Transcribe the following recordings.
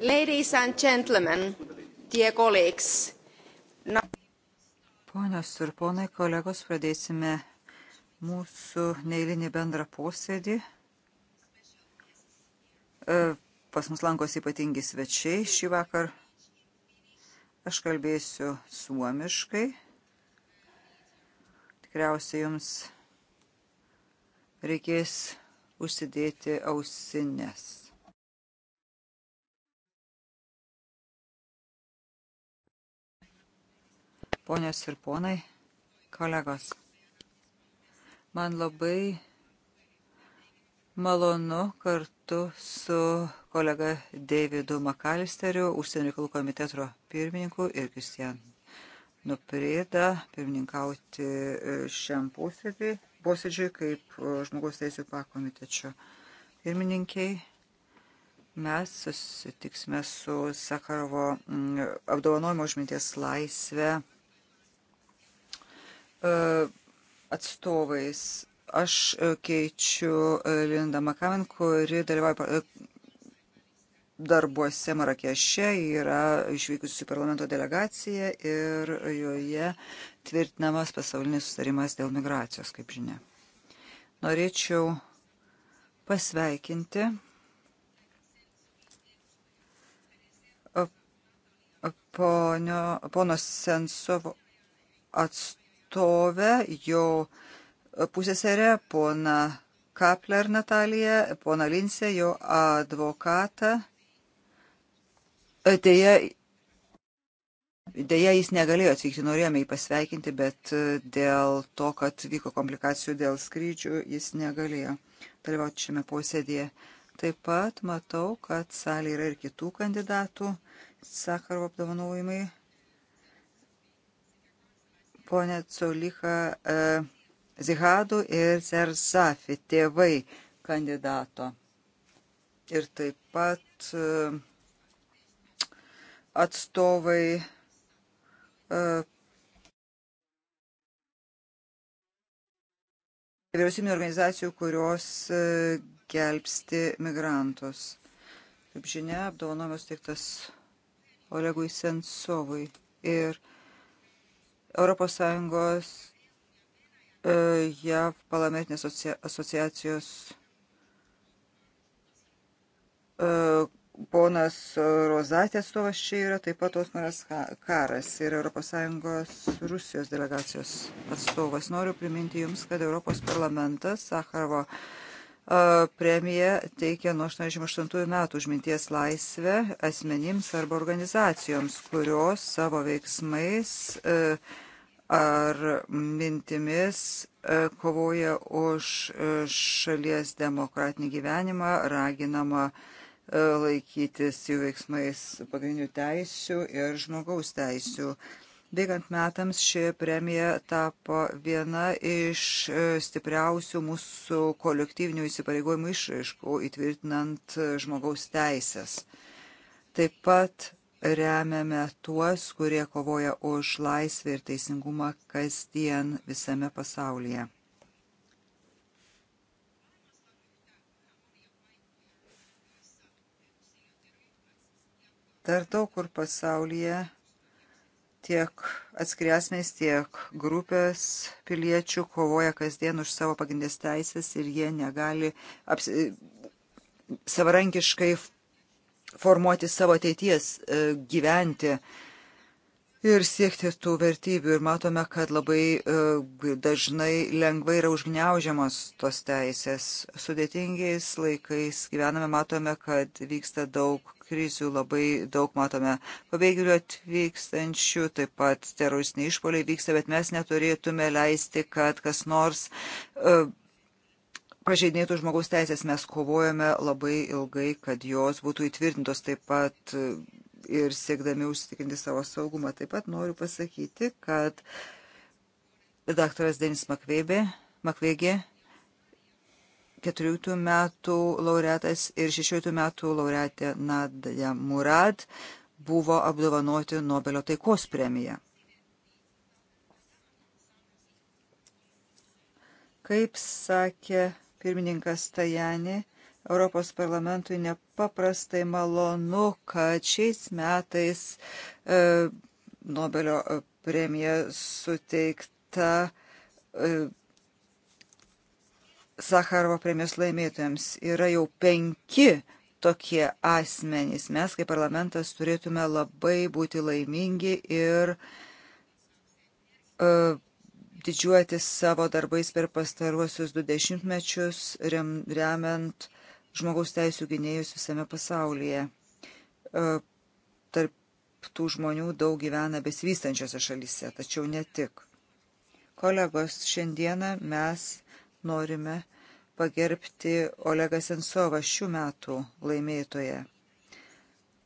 Ladies and gentlemen, dear colleagues. Na... Ponios ir ponai, kolegos, pradėsime mūsų neįlinį bendrą posėdį. E, pas mus lankos ypatingi svečiai šį vakar. Aš kalbėsiu suomiškai. Tikriausiai jums reikės užsidėti ausinės. ponios ir ponai, kolegos. Man labai malonu kartu su kolega Davidu Makalisteriu, užsienio reikalų komiteto pirmininku ir Kristian Nuprėda pirmininkauti e, šiam posėdžiui, posėdžiui kaip e, žmogaus teisų pakomitečio pirmininkiai. Mes susitiksime su Sakarovo apdovanojimo užminties laisvę E, atstovais. Aš e, keičiu e, Lindą Makamen, kuri dalyvauja darbuose Marakeše, yra išvykusi parlamento delegacija ir joje tvirtinamas pasaulinis sustarimas dėl migracijos, kaip žinia. Norėčiau pasveikinti ponio, pono Sensovo atstovą atstovę, jo pusėserę, pona Kapler Nataliją, pona Linsę, jo advokatą. E, deja, deja, jis negalėjo atvykti, norėjome jį pasveikinti, bet e, dėl to, kad vyko komplikacijų dėl skrydžių, jis negalėjo dalyvauti šiame posėdėje. Taip pat matau, kad salė yra ir kitų kandidatų Sakarovo apdovanojimai ponė Colicha e, Zihadų ir Zerzafi, tėvai kandidato. Ir taip pat e, atstovai e, vyriausybinio organizacijų, kurios gelbsti migrantus. Kaip žinia, apdovanojimas teiktas Olegui Sensovui. Ir uh, ES e, JAV parlamentinės asociacijos e, ponas Rozatė atstovas čia yra, taip pat Osmaras Karas ir ES Rusijos delegacijos atstovas. Noriu priminti Jums, kad Europos parlamentas Sakarovo e, premiją teikia nuo 88 metų užminties laisvę asmenims arba organizacijoms, kurios savo veiksmais uh, ar mintimis e, kovoja už e, šalies demokratinį gyvenimą, raginama e, laikytis jų veiksmais pagrindinių teisių ir žmogaus teisių. Bėgant metams ši premija tapo viena iš stipriausių mūsų kolektyvinių įsipareigojimų išraiškų įtvirtinant žmogaus teisės. Taip pat remiame tuos, kurie kovoja už laisvę ir teisingumą kasdien visame pasaulyje. Dar daug kur pasaulyje tiek atskriasmės, tiek grupės piliečių kovoja kasdien už savo pagrindės teisės ir jie negali apsi... savarankiškai formuoti savo ateities, e, gyventi ir siekti tų vertybių. Ir matome, kad labai e, dažnai lengvai yra užgneužiamos tos teisės. Sudėtingiais laikais gyvename, matome, kad vyksta daug krizių, labai daug matome pabėgėlių atvykstančių, taip pat teroristiniai išpoliai vyksta, bet mes neturėtume leisti, kad kas nors e, pažeidinėtų žmogaus teisės. Mes kovojame labai ilgai, kad jos būtų įtvirtintos taip pat e, ir siekdami užsitikrinti savo saugumą. Taip pat noriu pasakyti, kad daktaras Denis Makveibė, Makvėgė, 14 metų laureatas ir 16 metų laureatė Nadja Murad buvo apdovanoti Nobelio taikos premiją. Kaip sakė pirmininkas Tajani. Europos parlamentui nepaprastai malonu, kad šiais metais e, Nobelio e, premija suteikta e, Sakarovo premijos laimėtojams. Yra jau penki tokie asmenys. Mes kaip parlamentas turėtume labai būti laimingi ir e, didžiuotis savo darbais per pastaruosius du dešimtmečius, rem, remiant žmogaus teisų gynėjus visame pasaulyje. E, tarp tų žmonių daug gyvena besivystančiose šalyse, tačiau ne tik. Kolegos, šiandieną mes norime pagerbti Olegą Sensovą šių metų laimėtoje.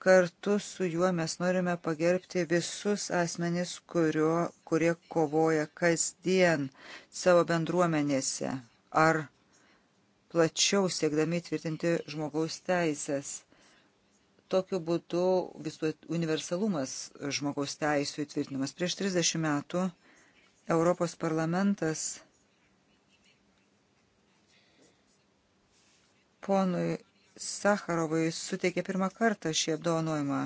Kartu su juo mes norime pagerbti visus asmenys, kurio, kurie kovoja kasdien savo bendruomenėse ar plačiau siekdami tvirtinti žmogaus teisės. Tokiu būdu visų universalumas žmogaus teisų įtvirtinamas. Prieš 30 metų Europos parlamentas ponui Sakarovai suteikė pirmą kartą šį apdovanojimą.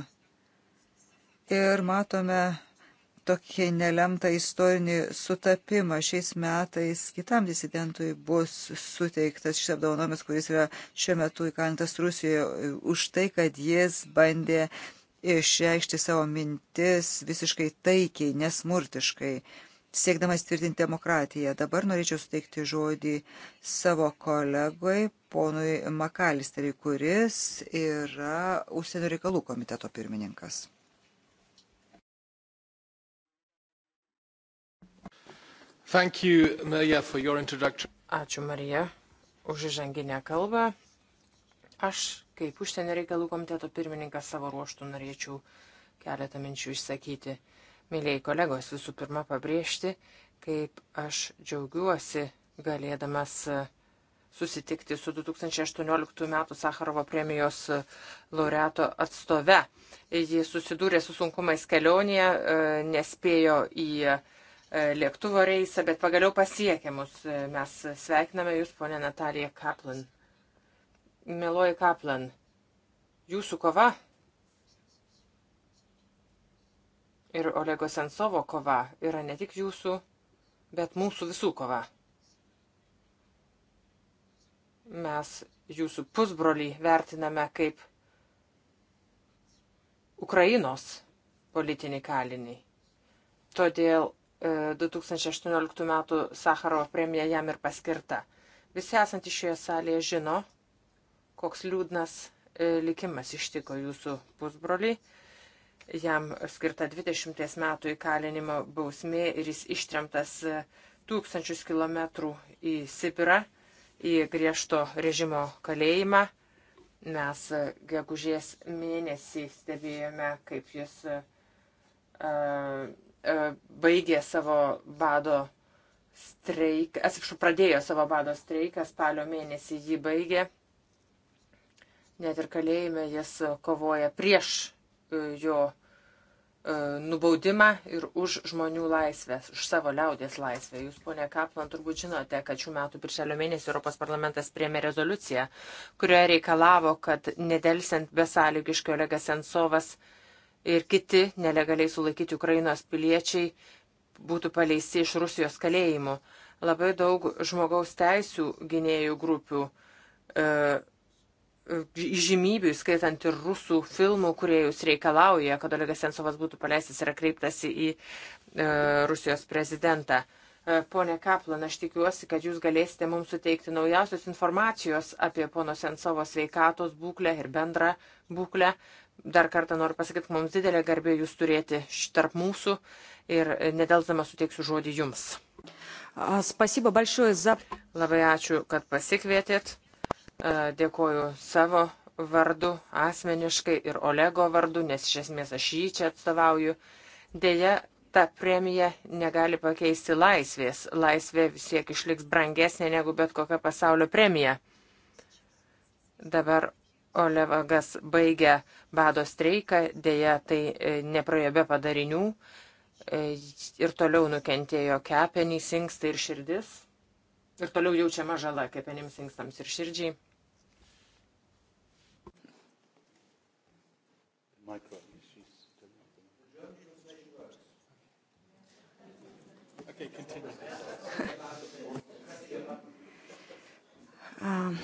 Ir matome tokį nelemtą istorinį sutapimą. Šiais metais kitam disidentui bus suteiktas šis apdovanojimas, kuris yra šiuo metu įkalintas Rusijoje už tai, kad jis bandė išreikšti savo mintis visiškai taikiai, nesmurtiškai. Uh, siekdamas tvirtinti demokratiją. Dabar norėčiau suteikti žodį savo kolegui, ponui Makalisteriui, kuris yra užsienio reikalų komiteto pirmininkas. Thank you, Maria, for your introduction. Ačiū, Marija, už įžanginę kalbą. Aš, kaip užsienio reikalų komiteto pirmininkas, savo ruoštų norėčiau keletą minčių išsakyti mėlyjei kolegos, visų pirma pabrėžti, kaip aš džiaugiuosi galėdamas e, susitikti su 2018 m. Sakarovo premijos e, laureato atstove. Ji susidūrė su sunkumais kelionėje, e, nespėjo į lėktuvo reisą, bet pagaliau pasiekė mus. Mes sveikiname Jūs, ponė Natalija Kaplan. Meloji Kaplan, Jūsų kova ir Olego Sensovo kova yra ne tik jūsų, bet mūsų visų kova. Mes jūsų pusbrolį vertiname kaip Ukrainos politinį kalinį. Todėl 2018 m. Sakarovo premija jam ir paskirta. Visi esantys šioje salėje žino, koks liūdnas e, likimas ištiko jūsų pusbrolį. Jam skirta 20 metų įkalinimo bausmė ir jis ištremtas e, tūkstančius kilometrų į Sibirą, į griežto režimo kalėjimą. Mes e, gegužės mėnesį stebėjome, kaip jis uh, uh, baigė savo bado streiką, atsiprašau, pradėjo savo bado streiką, spalio mėnesį jį baigė. Net ir kalėjime jis kovoja prieš jo e, nubaudimą ir už žmonių laisvės, už savo liaudės laisvę. Jūs, ponė Kaplan, turbūt žinote, kad šių metų birželio mėnesį Europos parlamentas priemė rezoliuciją, kurioje reikalavo, kad nedelsiant besąlygiškai Olegas Sensovas ir kiti nelegaliai sulaikyti Ukrainos piliečiai būtų paleisti iš Rusijos kalėjimų. Labai daug žmogaus teisų gynėjų grupių e, žymybių, skaitant ir rusų filmų, kurie jūs reikalauja, kad Olegas Sensovas būtų paleistas ir kreiptasi į e, Rusijos prezidentą. E, pone Kaplan, aš tikiuosi, kad jūs galėsite mums suteikti naujausios informacijos apie pono Sensovo sveikatos būklę ir bendrą būklę. Dar kartą noriu pasakyti, mums didelė garbė jūs turėti tarp mūsų ir nedelsdama suteiksiu žodį jums. Spasiba, balšiuoju, zap. Labai ačiū, kad pasikvietėt Dėkoju savo vardu asmeniškai ir Olego vardu, nes iš esmės aš jį čia atstovauju. Deja, ta premija negali pakeisti laisvės. Laisvė vis tiek išliks brangesnė negu bet kokia pasaulio premija. Dabar Olevagas baigė bado streiką, dėja tai e, nepraėjo be padarinių e, ir toliau nukentėjo kepenys, inkstai ir širdis ir toliau jaučiama žala kepenims, inkstams ir širdžiai. Micro. Okay, continue. um.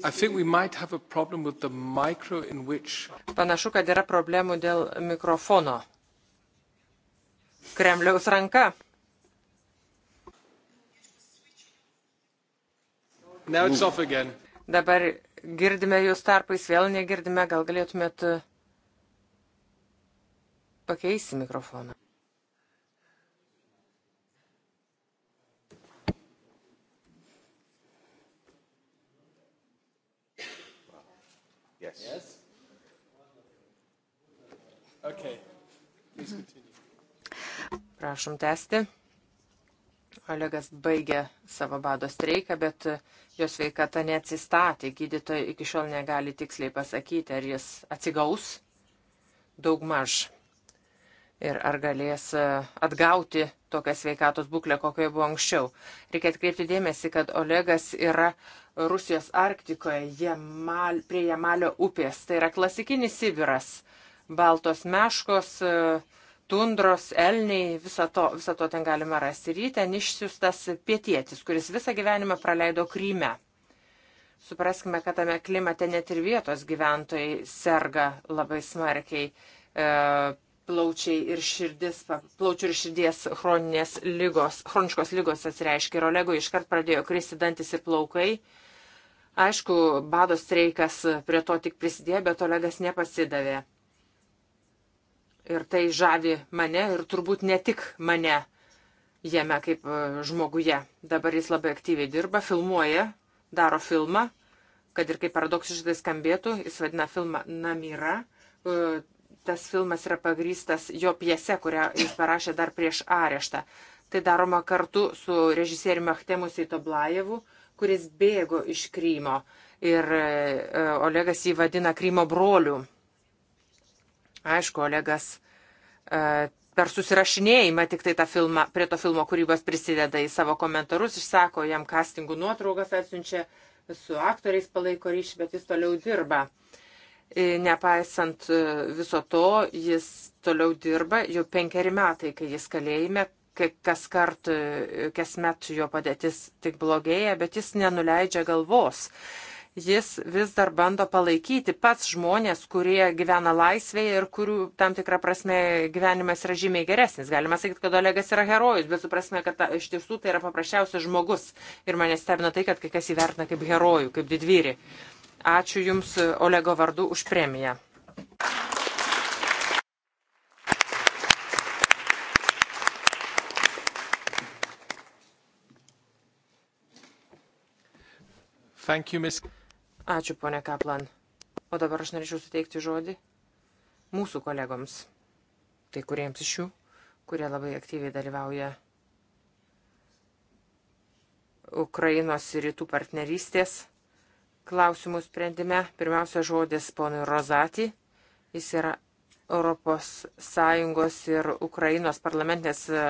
Which... Panašu, kad yra problemų dėl mikrofono. Kremliaus ranka. Dabar girdime jūs tarpais, vėl negirdime, gal galėtumėt pakeisti mikrofoną. Prašom tęsti. Olegas baigė savo bado streiką, bet jos veikata neatsistatė. Gydytojai iki šiol negali tiksliai pasakyti, ar jis atsigaus daugmaž ir ar galės e, atgauti tokią sveikatos būklę, kokioje buvo anksčiau. Reikia atkreipti dėmesį, kad Olegas yra Rusijos Arktikoje, Jamal, prie Jamalio upės. Tai yra klasikinis Sibiras. Baltos meškos, uh, tundros, elniai, viso to, viso to ten galima rasti. Ir jį ten išsiustas pietietis, kuris visą gyvenimą praleido Kryme. Supraskime, kad tame klimate net ir vietos gyventojai serga labai smarkiai e, plaučiai ir širdis, plaučių ir širdies chroninės lygos, chroniškos lygos atsireiškia. Ir Olego iškart pradėjo kristi dantis ir plaukai. Aišku, bado streikas prie to tik prisidėjo, bet Olegas nepasidavė. Ir tai žavi mane ir turbūt ne tik mane jame kaip e, žmoguje. Dabar jis labai aktyviai dirba, filmuoja, daro filmą, kad ir kaip paradoksiškai skambėtų, jis vadina filmą Namira. E, tas filmas yra pagrystas jo pjese, kurią jis parašė dar prieš areštą. Tai daroma kartu su režisieriumi Achtemu Seitoblajevu, kuris bėgo iš Krymo ir e, Olegas jį vadina Krymo broliu. Aišku, Olegas e, per susirašinėjimą tik tai tą filmą, prie to filmo kūrybos prisideda į savo komentarus, išsako jam castingų nuotraukas, atsiunčia su aktoriais palaiko ryšį, bet jis toliau dirba. E, nepaisant e, viso to, jis toliau dirba jau penkeri metai, kai jis kalėjime, kas kart, kasmet jo padėtis tik blogėja, bet jis nenuleidžia galvos jis vis dar bando palaikyti pats žmonės, kurie gyvena laisvėje ir kurių tam tikrą prasme gyvenimas yra žymiai geresnis. Galima sakyti, kad Olegas yra herojus, bet suprasme, kad ta, iš tiesų tai yra paprasčiausias žmogus. Ir mane stebina tai, kad kai kas įvertina kaip herojų, kaip didvyrį. Ačiū Jums, Olego vardu, už premiją. Thank you, Ms. Ačiū, ponė Kaplan. O dabar aš norėčiau suteikti žodį mūsų kolegoms, kai kuriems iš jų, kurie labai aktyviai dalyvauja Ukrainos ir rytų partnerystės klausimų sprendime. Pirmiausia, žodis ponui Rozatį. Jis yra ES ir Ukrainos parlamentinės e, e,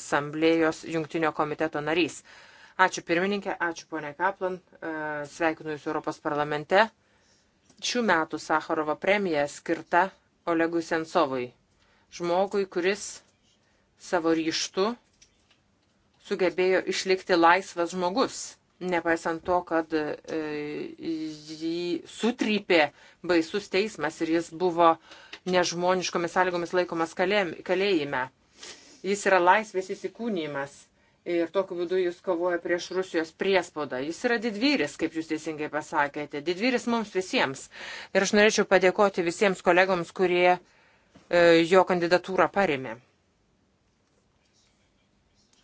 asamblėjos jungtinio komiteto narys. Uh, Ačiū pirmininkė, ačiū ponė Kaplan, e, sveikinu Jūs Europos parlamente. Šių metų Sakarovo premija skirta Olegui Sensovui, žmogui, kuris savo ryštu sugebėjo išlikti laisvas žmogus, nepaisant to, kad e, jį sutrypė baisus teismas ir jis buvo nežmoniškomis sąlygomis laikomas kalėjime. Jis yra laisvės įsikūnymas Ir tokiu būdu jis kovoja prieš Rusijos priespaudą. Jis yra didvyris, kaip jūs teisingai pasakėte. Didvyris mums visiems. Ir aš norėčiau padėkoti visiems kolegoms, kurie e, jo kandidatūrą parėmė.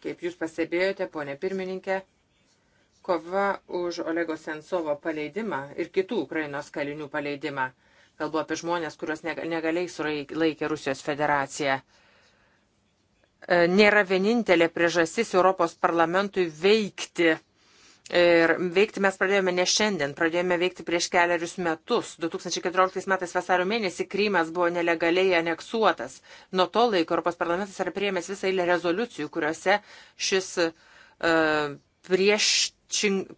Kaip jūs pastebėjote, ponė pirmininkė, kova už Olego Sensovo paleidimą ir kitų Ukrainos kalinių paleidimą. Kalbu apie žmonės, kuriuos negaliai sulaikė Rusijos federacija. E, nėra vienintelė priežastis Europos parlamentui veikti. Ir veikti mes pradėjome ne šiandien, pradėjome veikti prieš keliarius metus. 2014 metais vasario mėnesį Krymas buvo nelegaliai aneksuotas. Nuo to laiko Europos parlamentas yra priėmęs visą eilę rezoliucijų, kuriuose šis uh, prieš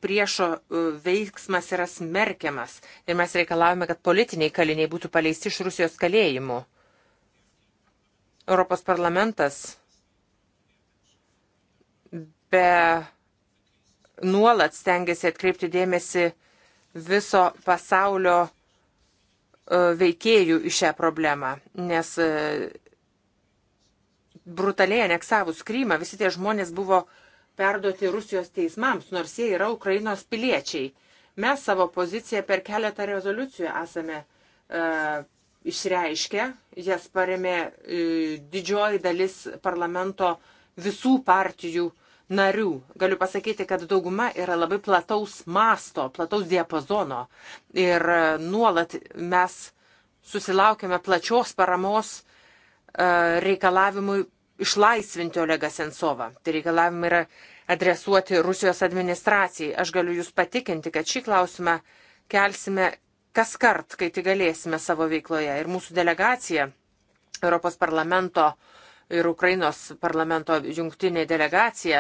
priešo e, veiksmas yra smerkiamas ir mes reikalavome, kad politiniai kaliniai būtų paleisti iš Rusijos kalėjimų. Europos parlamentas be nuolat stengiasi atkreipti dėmesį viso pasaulio e, veikėjų į šią problemą, nes e, brutaliai aneksavus Krymą visi tie žmonės buvo perduoti Rusijos teismams, nors jie yra Ukrainos piliečiai. Mes savo poziciją per keletą rezoliucijų esame uh, išreiškę, jas paremė uh, didžioji dalis parlamento visų partijų uh, narių. Galiu pasakyti, kad dauguma yra labai plataus masto, plataus diapazono ir nuolat mes susilaukime plačios paramos e, reikalavimui išlaisvinti Olegą Sensovą. Tai reikalavimai yra adresuoti Rusijos administracijai. Aš galiu Jūs patikinti, kad šį klausimą kelsime kas kart, kai tik galėsime savo veikloje. Ir mūsų delegacija Europos parlamento uh, ir Ukrainos parlamento jungtinė delegacija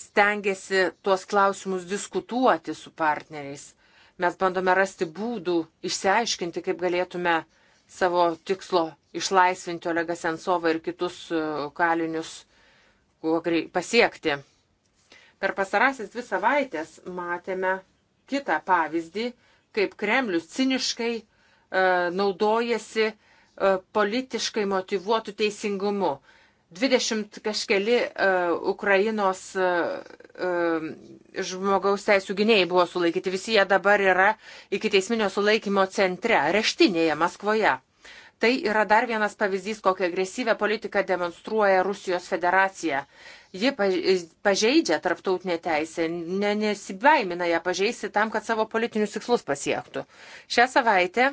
stengiasi tuos klausimus diskutuoti su partneriais. Mes bandome rasti būdų išsiaiškinti, kaip galėtume savo tikslo išlaisvinti Olegą Sensovą ir kitus e, kalinius pasiekti. Per pasarasis dvi savaitės matėme kitą pavyzdį, kaip Kremlius ciniškai e, naudojasi e, E, politiškai motivuotų teisingumu. 20 kažkeli uh, Ukrainos uh, žmogaus teisų gynėjai buvo sulaikyti. Visi jie dabar yra iki teisminio sulaikymo centre, reštinėje Maskvoje. Tai yra dar vienas pavyzdys, kokią agresyvę politiką demonstruoja Rusijos federacija. Ji pažeidžia tarptautinę teisę, ne, nesibaimina ją pažeisti tam, kad savo politinius tikslus pasiektų. Šią savaitę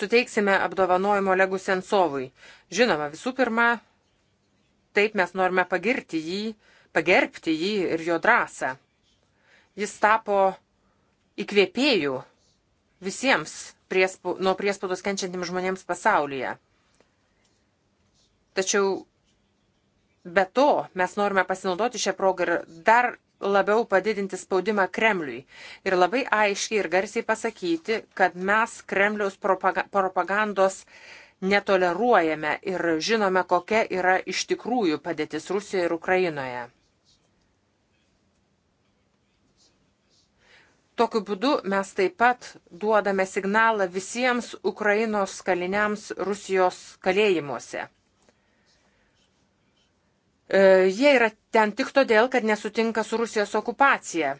suteiksime apdovanojimo Legu Sensovui. Žinoma, visų pirma, taip mes norime pagirti jį, pagerbti jį ir jo drąsą. Jis tapo įkvėpėjų visiems priespau, nuo priespaudos kenčiantiems žmonėms pasaulyje. Tačiau be to mes norime pasinaudoti šią progą ir dar labiau padidinti spaudimą Kremliui ir labai aiškiai ir garsiai pasakyti, kad mes Kremliaus propagandos netoleruojame ir žinome, kokia yra iš tikrųjų padėtis Rusijoje ir Ukrainoje. Tokiu būdu mes taip pat duodame signalą visiems Ukrainos kaliniams Rusijos kalėjimuose E, jie yra ten tik todėl, kad nesutinka su Rusijos okupacija.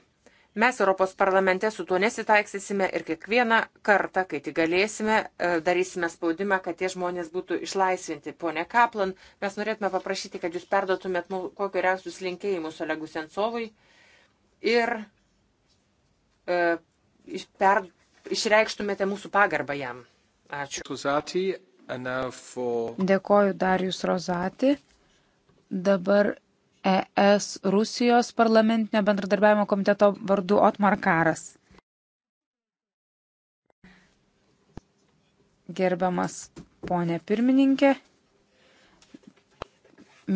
Mes Europos parlamente su tuo nesitaiksysime ir kiekvieną kartą, kai tik galėsime, e, darysime spaudimą, kad tie žmonės būtų išlaisvinti. Pone Kaplan, mes norėtume paprašyti, kad jūs perdotumėt kokio geriausius linkėjimus Olegų Sensovui ir e, per, išreikštumėte mūsų pagarbą jam. Ačiū. Dėkoju Darius Rozati. Dabar ES Rusijos parlamentinio bendradarbiavimo komiteto vardu Otmar Karas. Gerbiamas ponė pirmininkė,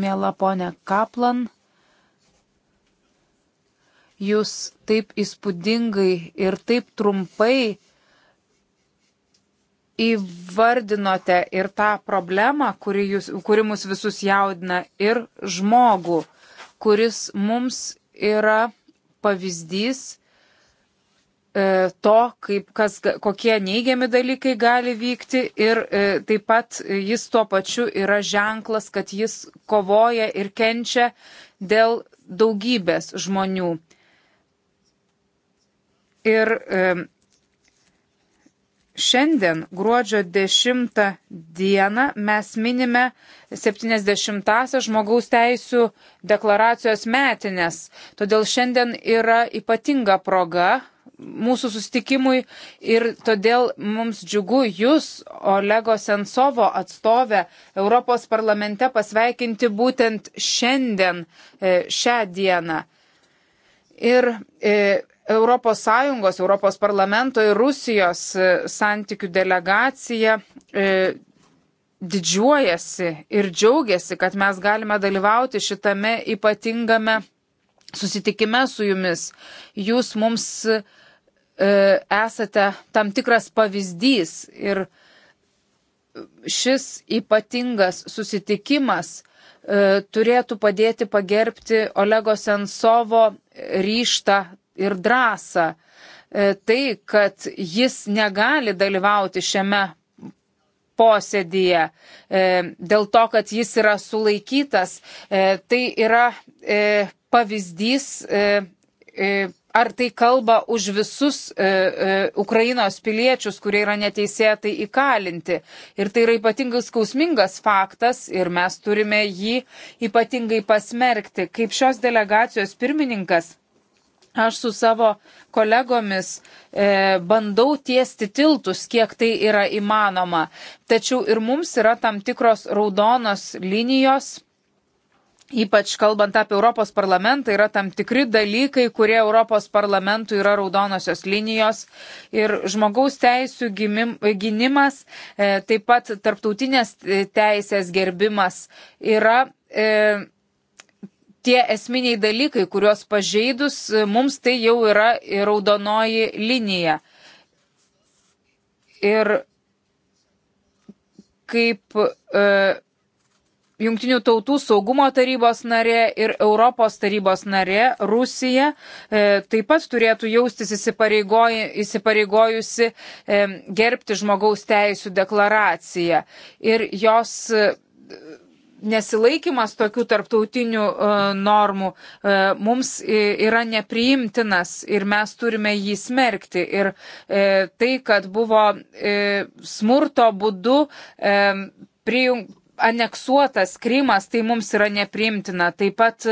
mėla ponė Kaplan, jūs taip įspūdingai ir taip trumpai įvardinote ir tą problemą, kuri, jūs, kuri mus visus jaudina, ir žmogų, kuris mums yra pavyzdys e, to, kaip, kas, kokie neigiami dalykai gali vykti ir e, taip pat jis tuo pačiu yra ženklas, kad jis kovoja ir kenčia dėl daugybės žmonių. Ir e, Šiandien, gruodžio 10 dieną, mes minime 70-asias žmogaus teisų deklaracijos metinės. Todėl šiandien yra ypatinga proga mūsų sustikimui ir todėl mums džiugu jūs, Olego Sensovo atstovę Europos parlamente, pasveikinti būtent šiandien e, šią dieną. Ir e, ES, ES parlamento ir Rusijos e, santykių delegacija e, didžiuojasi ir džiaugiasi, kad mes galime dalyvauti šitame ypatingame susitikime su jumis. Jūs mums e, esate tam tikras pavyzdys ir šis ypatingas susitikimas turėtų padėti pagerbti Olego Sensovo ryštą ir drąsą. E, tai, kad jis negali dalyvauti šiame posėdyje e, dėl to, kad jis yra sulaikytas, e, tai yra pavyzdys ar tai kalba už visus e, e, Ukrainos piliečius, kurie yra neteisėtai įkalinti. Ir tai yra ypatingai skausmingas faktas ir mes turime jį ypatingai pasmerkti. Kaip šios delegacijos pirmininkas, Aš su savo kolegomis e, bandau tiesti tiltus, kiek tai yra įmanoma. Tačiau ir mums yra tam tikros raudonos linijos, ypač kalbant apie Europos parlamentą, yra tam tikri dalykai, kurie Europos parlamentui yra raudonosios linijos. Ir žmogaus teisų gimim, gynimas, e, taip pat tarptautinės e, teisės gerbimas yra. E, tie esminiai dalykai, kuriuos pažeidus, e, mums tai jau yra raudonoji linija. Ir kaip e, Jungtinių tautų saugumo tarybos narė ir Europos tarybos narė Rusija e, taip pat turėtų jaustis įsipareigojusi e, gerbti žmogaus teisų deklaraciją. Ir jos e, nesilaikimas tokių tarptautinių e, normų e, mums yra nepriimtinas ir mes turime jį smerkti. Ir e, tai, kad buvo smurto būdu prijungti aneksuotas Krymas, tai mums yra nepriimtina. Taip pat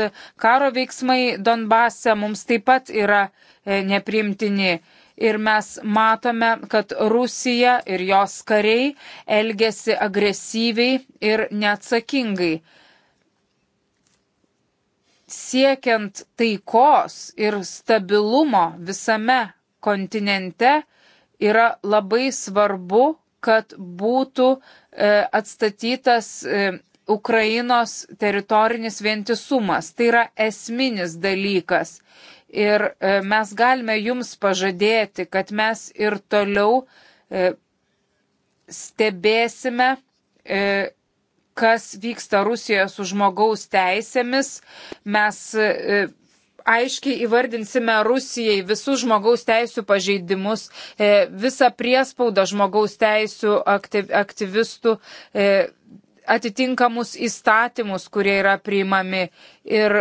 karo veiksmai Donbase mums taip pat yra nepriimtini ir mes matome, kad Rusija ir jos kariai elgesi agresyviai ir neatsakingai. Siekiant taikos ir stabilumo visame kontinente yra labai svarbu, kad būtų e, atstatytas e, Ukrainos teritorinis vientisumas. Tai yra esminis dalykas ir e, mes galime jums pažadėti, kad mes ir toliau e, stebėsime, e, kas vyksta Rusijoje su žmogaus teisėmis. Mes aiškiai įvardinsime Rusijai visus žmogaus teisų pažeidimus, visą priespaudą žmogaus teisų aktyvistų atitinkamus įstatymus, kurie yra priimami. Ir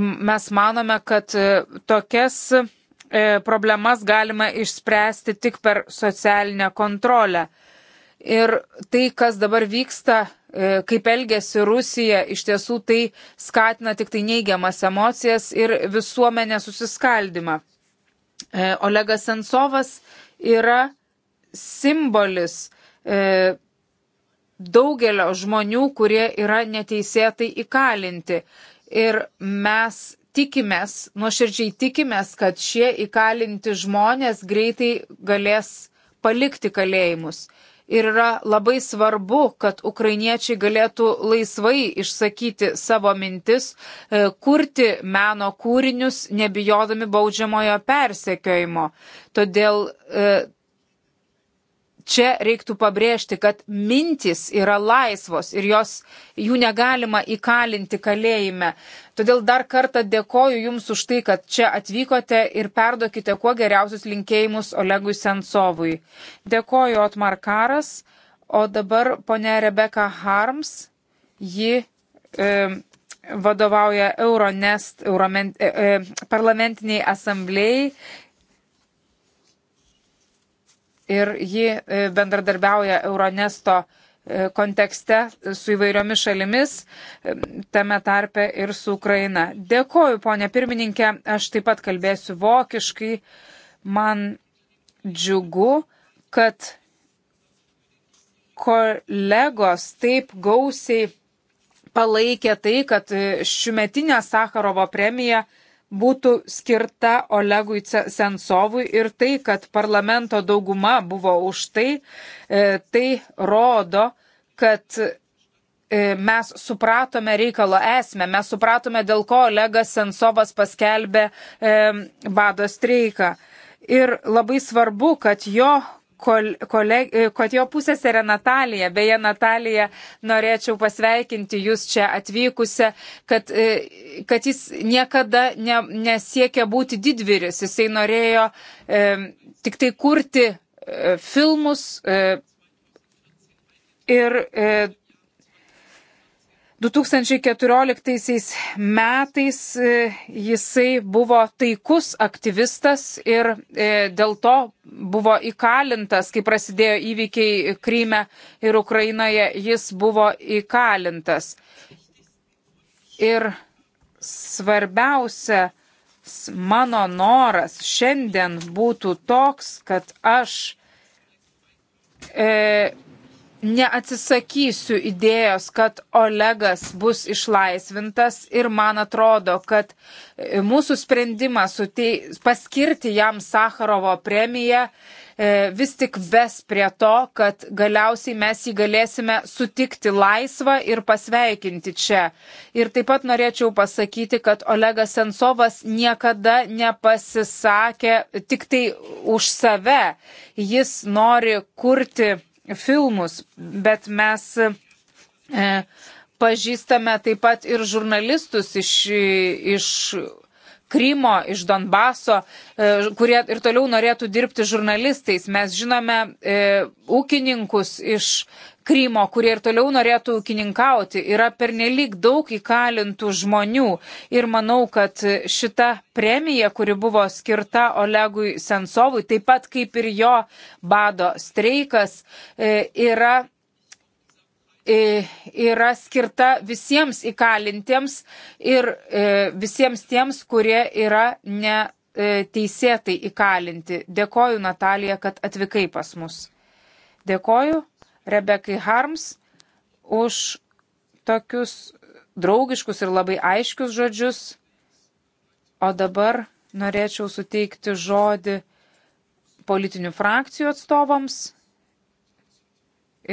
mes manome, kad e, tokias e, problemas galima išspręsti tik per socialinę kontrolę. Ir tai, kas dabar vyksta, e, kaip elgesi Rusija, iš tiesų tai skatina tik tai neigiamas emocijas ir visuomenę susiskaldimą. Olegas Sensovas yra simbolis daugelio žmonių, kurie yra neteisėtai įkalinti ir mes tikimės, nuoširdžiai tikimės, kad šie įkalinti žmonės greitai galės palikti kalėjimus. Ir yra labai svarbu, kad ukrainiečiai galėtų laisvai išsakyti savo mintis, e, kurti meno kūrinius, nebijodami baudžiamojo persekiojimo. Todėl e, čia reiktų pabrėžti, kad mintis yra laisvos ir jos, jų negalima įkalinti kalėjime. Todėl dar kartą dėkoju Jums už tai, kad čia atvykote ir perduokite kuo geriausius linkėjimus Olegui Sensovui. Dėkoju Otmar Karas, o dabar ponė Rebeka Harms, ji e, vadovauja Euronest Euromen, e, e, parlamentiniai asamblėjai ir ji e, bendradarbiauja Euronesto e, kontekste su įvairiomis šalimis, e, tame tarpe ir su Ukraina. Dėkoju, ponė pirmininkė, aš taip pat kalbėsiu vokiškai. Man džiugu, kad kolegos taip gausiai palaikė tai, kad šiumetinė Sakarovo premija uh, būtų skirta Olegui Sensovui ir tai, kad parlamento dauguma buvo už tai, e, tai rodo, kad e, mes supratome reikalo esmę, mes supratome, dėl ko Olegas Sensovas paskelbė e, bado streiką. Ir labai svarbu, kad jo kol, kole, kad jo pusės yra Natalija. Beje, Natalija, norėčiau pasveikinti jūs čia atvykusią, kad, e, kad jis niekada ne, nesiekė būti didvyris. Jisai norėjo e, tik tai kurti e, filmus e, ir e, 2014 metais e, jisai buvo taikus aktyvistas ir e, dėl to buvo įkalintas, kai prasidėjo įvykiai Kryme ir Ukrainoje, jis buvo įkalintas. Ir svarbiausia, mano noras šiandien būtų toks, kad aš e, neatsisakysiu idėjos, kad Olegas bus išlaisvintas ir man atrodo, kad e, mūsų sprendimas paskirti jam Sakarovo premiją e, vis tik ves prie to, kad galiausiai mes jį galėsime sutikti laisvą ir pasveikinti čia. Ir taip pat norėčiau pasakyti, kad Olegas Sensovas niekada nepasisakė tik tai už save. Jis nori kurti filmus, bet mes e, pažįstame taip pat ir žurnalistus iš, iš Krymo, iš Donbaso, e, kurie ir toliau norėtų dirbti žurnalistais. Mes žinome e, ūkininkus iš Krymo, kurie ir toliau norėtų ūkininkauti. Yra pernelyg daug įkalintų žmonių. Ir manau, kad šita premija, kuri buvo skirta Olegui Sensovui, taip pat kaip ir jo bado streikas, e, yra e, yra skirta visiems įkalintiems ir e, visiems tiems, kurie yra neteisėtai įkalinti. Dėkoju, Natalija, kad atvykai pas mus. Dėkoju. Rebekai Harms už tokius draugiškus ir labai aiškius žodžius. O dabar norėčiau suteikti žodį politinių frakcijų atstovams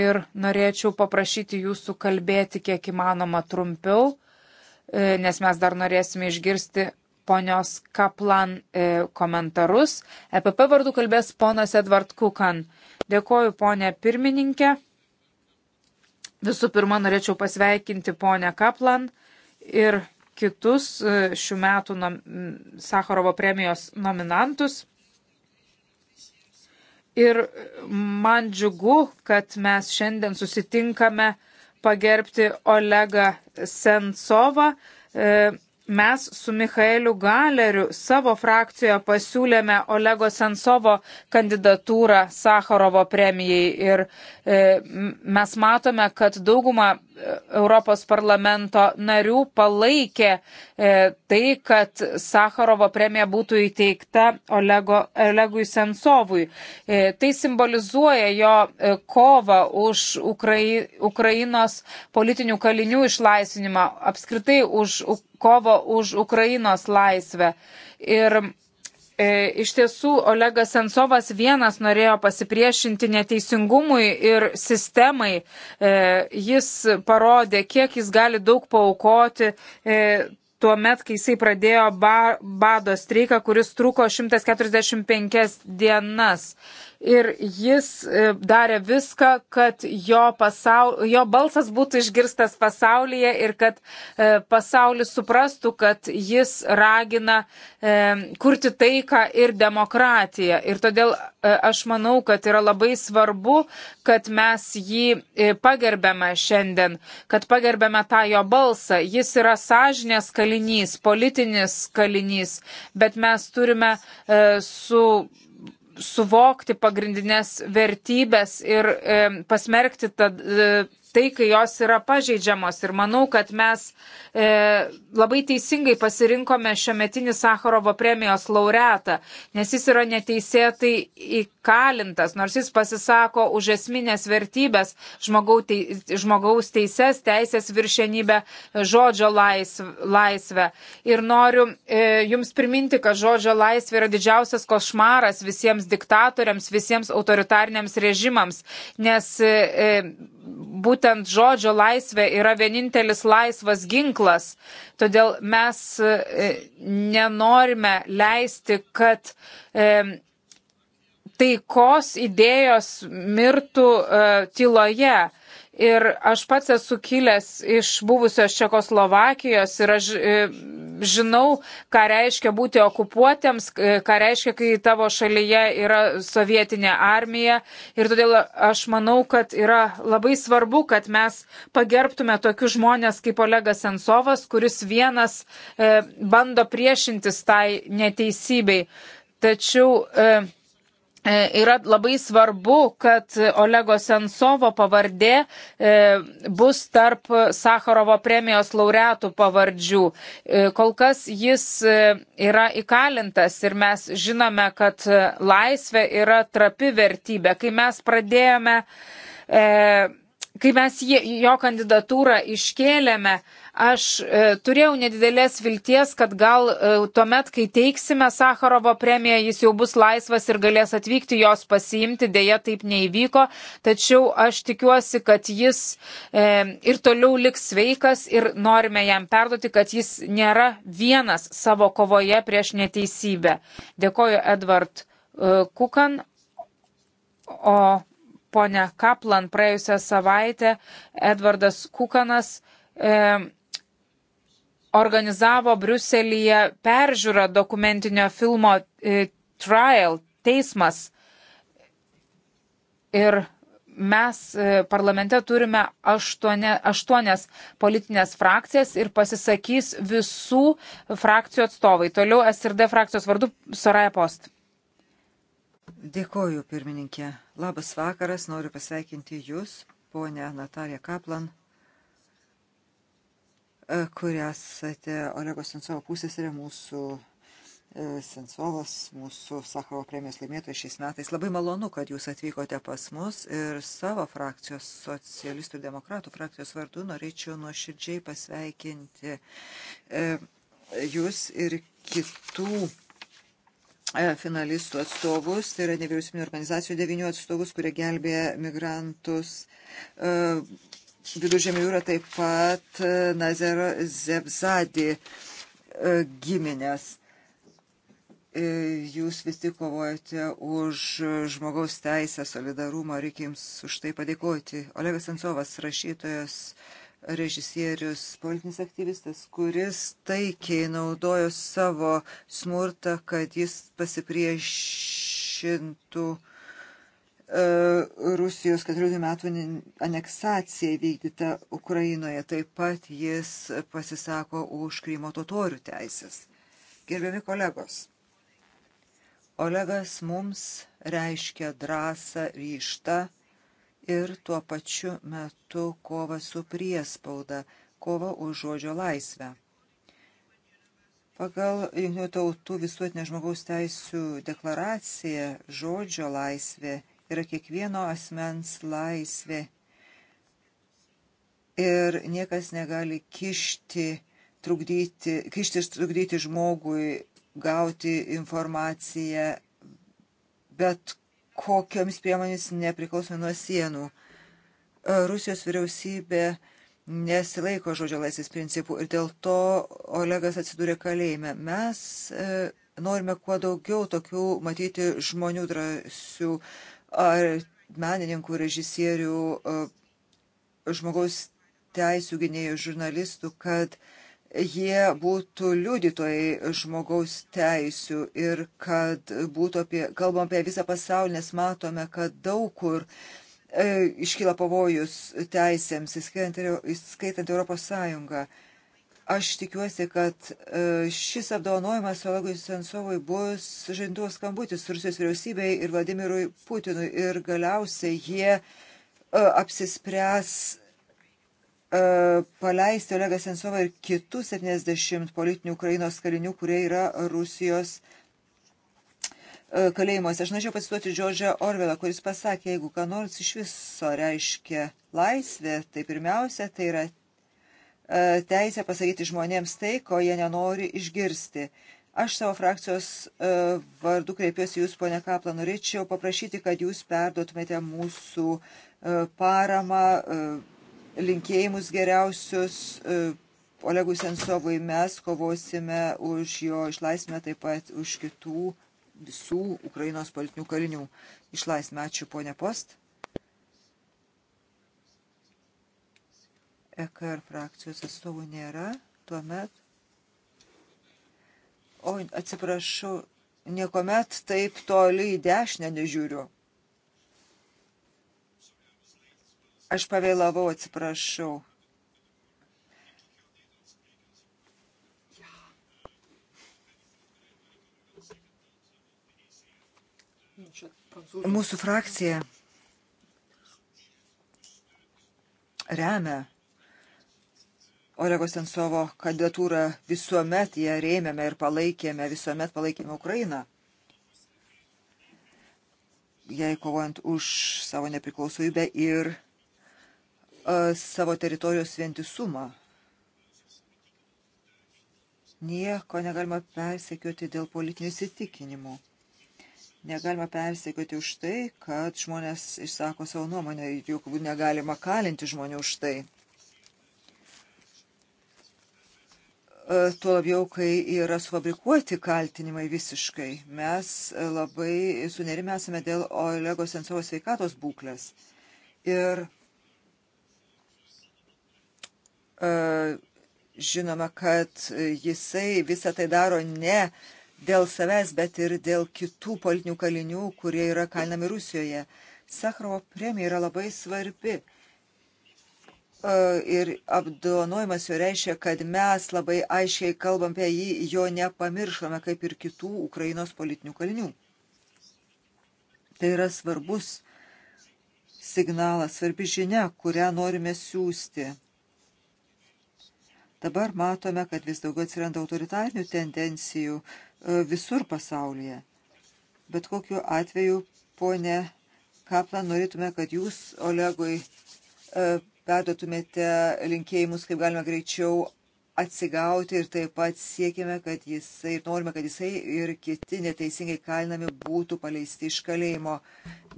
ir norėčiau paprašyti jūsų kalbėti kiek įmanoma trumpiau, e, nes mes dar norėsime išgirsti ponios Kaplan e, komentarus. EPP vardu kalbės ponas Edvard Kukan. Dėkoju, ponė pirmininkė. Visų pirma, norėčiau pasveikinti ponę Kaplan ir kitus e, šių metų nom, Sakarovo premijos nominantus. Ir man džiugu, kad mes šiandien susitinkame pagerbti Olegą Sensovą. E, mes su Michaeliu Galeriu savo frakcijoje pasiūlėme Olego Sensovo kandidatūrą Sakarovo premijai ir e, mes matome, kad dauguma Europos parlamento narių palaikė e, tai, kad Sakarovo premija būtų įteikta Olego, Olegui Sensovui. E, tai simbolizuoja jo e, kovą už Ukrai, Ukrainos politinių kalinių išlaisvinimą, apskritai už kovą už Ukrainos laisvę. Ir E, iš tiesų, Olegas Sensovas vienas norėjo pasipriešinti neteisingumui ir sistemai. E, jis parodė, kiek jis gali daug paukoti e, tuo met, kai jisai pradėjo bado streiką, kuris truko 145 dienas ir jis e, darė viską, kad jo, pasaul, jo balsas būtų išgirstas pasaulyje ir kad e, pasaulis suprastų, kad jis ragina e, kurti taiką ir demokratiją. Ir todėl aš manau, kad yra labai svarbu, kad mes jį pagerbėme šiandien, kad pagerbėme tą jo balsą. Jis yra sąžinės kalinys, politinis kalinys, bet mes turime su suvokti pagrindinės vertybės ir e, pasmerkti tad, e, tai, kai jos yra pažeidžiamos. Ir manau, kad mes e, labai teisingai pasirinkome šiometinį Sakarovo premijos laureatą, nes jis yra neteisėtai įkalintas, nors jis pasisako už esminės vertybės žmogaus teises, teisės viršenybę, žodžio laisvę. Ir noriu e, Jums priminti, kad žodžio laisvė yra didžiausias košmaras visiems diktatoriams, visiems autoritariniams režimams, nes e, e būt būtent žodžio laisvė yra vienintelis laisvas ginklas. Todėl mes e, nenorime leisti, kad e, taikos idėjos mirtų e, tyloje. Ir aš pats esu kilęs iš buvusios Čekoslovakijos ir aš e, žinau, ką reiškia būti okupuotėms, e, ką reiškia, kai tavo šalyje yra sovietinė armija. Ir todėl aš manau, kad yra labai svarbu, kad mes pagerbtume tokius žmonės kaip Olegas Sensovas, kuris vienas e, bando priešintis tai neteisybei. Tačiau e, E, yra labai svarbu, kad Olego Sensovo pavardė e, bus tarp Sakarovo premijos laureatų pavardžių. E, kol kas jis yra įkalintas ir mes žinome, kad laisvė yra trapi vertybė. Kai mes pradėjome kai mes jį, jo kandidatūrą iškėlėme, aš e, turėjau nedidelės vilties, kad gal e, tuomet, kai teiksime Sakarovo premiją, jis jau bus laisvas ir galės atvykti jos pasiimti, dėja taip neįvyko, tačiau aš tikiuosi, kad jis e, ir toliau liks sveikas ir norime jam perduoti, kad jis nėra vienas savo kovoje prieš neteisybę. Dėkoju Edvard e, Kukan. O ponia Kaplan, praėjusią savaitę Edvardas Kukanas e, organizavo Briuselyje peržiūrą dokumentinio filmo e, Trial, teismas. Ir mes e, parlamente turime aštuone, aštuonias politinės frakcijas ir pasisakys visų frakcijų atstovai. Toliau SRD frakcijos vardu Soraya Post. Dėkoju, pirmininkė. Labas vakaras, noriu pasveikinti Jūs, ponę Nataliją Kaplan, e, kurią esate Olegos Sensovo pusės ir mūsų e, Sensovas, mūsų Sakrovo premijos laimėtojas šiais metais. Labai malonu, kad jūs atvykote pas mus ir savo frakcijos, socialistų ir demokratų frakcijos vardu norėčiau nuoširdžiai pasveikinti e, jūs ir kitų E, finalistų atstovus, tai yra nevyriausybinio organizacijų devinių atstovus, kurie gelbėja migrantus. E, Vidužėmio jūra taip pat e, Nazero Zebzadi giminės. Jūs vis tik kovojate už žmogaus teisę, solidarumą, reikia jums už tai padėkoti. Olegas Ancovas, rašytojas, režisierius, politinis aktyvistas, kuris taikiai naudojo savo smurtą, kad jis pasipriešintų uh, Rusijos 14 metų aneksaciją vykdytą Ukrainoje. Taip pat jis pasisako už Krymo totorių teisės. Gerbiami kolegos, Olegas mums reiškia drąsą, ryštą ir tuo pačiu metu kova su priespauda, kova už žodžio laisvę. Pagal Junktinių tautų visuotinę žmogaus teisų deklaraciją žodžio laisvė yra kiekvieno asmens laisvė. Ir niekas negali kišti, trukdyti, kišti ir trukdyti žmogui gauti informaciją bet kokiams priemonės nepriklausomai nuo sienų. E, Rusijos vyriausybė nesilaiko žodžio laisvės principų ir dėl to Olegas atsidūrė kalėjime. Mes e, norime kuo daugiau tokių matyti žmonių drąsių ar menininkų, režisierių, e, žmogaus teisų gynėjų, žurnalistų, kad e, jie būtų liudytojai žmogaus teisių ir kad būtų apie, kalbam apie visą pasaulį, nes matome, kad daug kur e, iškyla pavojus teisėms, įskaitant, įskaitant Europos Sąjungą. Aš tikiuosi, kad e, šis apdovanojimas Olegui Sensovui bus žinduvos skambutis Rusijos vyriausybei ir Vladimirui Putinui ir galiausiai jie e, apsispręs E, paleisti Olegą Sensovą ir kitus 70 politinių Ukrainos kalinių, kurie yra Rusijos e, kalėjimuose. Aš norėčiau pacituoti Džordžą Orvelą, kuris pasakė, jeigu ką nors iš viso reiškia laisvė, tai pirmiausia, tai yra e, teisę pasakyti žmonėms tai, ko jie nenori išgirsti. Aš savo frakcijos vardu kreipiuosi jūs, ponia Kapla, norėčiau paprašyti, kad jūs perduotumėte mūsų paramą linkėjimus geriausius e, Olegui Sensovui. Mes kovosime už jo išlaisvę, taip pat už kitų visų Ukrainos politinių kalinių išlaisvę. Ačiū, ponė Post. EKR frakcijos atstovų nėra. Tuomet. O, atsiprašau, niekuomet taip toli į dešinę nežiūriu. Aš pavėlavau, atsiprašau. Mūsų frakcija remia Olego Sensovo kandidatūrą visuomet, ją rėmėme ir palaikėme, visuomet palaikėme Ukrainą. Jei kovojant už savo nepriklausomybę ir savo teritorijos vientisumą. Nieko negalima persekioti dėl politinių įsitikinimų. Negalima persekioti už tai, kad žmonės išsako savo nuomonę ir jokių būdų negalima kalinti žmonių už tai. Tuo labiau, kai yra sufabrikuoti kaltinimai visiškai. Mes labai sunerime esame dėl Olego Sensovo sveikatos būklės. Ir žinoma, kad jisai visą tai daro ne dėl savęs, bet ir dėl kitų politinių kalinių, kurie yra kalinami Rusijoje. Sakrovo premija yra labai svarbi. Ir apdovanojimas jo reiškia, kad mes labai aiškiai kalbam apie jį, jo nepamiršome, kaip ir kitų Ukrainos politinių kalinių. Tai yra svarbus signalas, svarbi žinia, kurią norime siūsti Dabar matome, kad vis daugiau atsiranda autoritarinių tendencijų e, visur pasaulyje. Bet kokiu atveju, ponė Kaplan, norėtume, kad jūs Olegui e, perdotumėte linkėjimus, kaip galima greičiau atsigauti ir taip pat siekime, kad jisai ir norime, kad jisai ir kiti neteisingai kalinami būtų paleisti iš kalėjimo.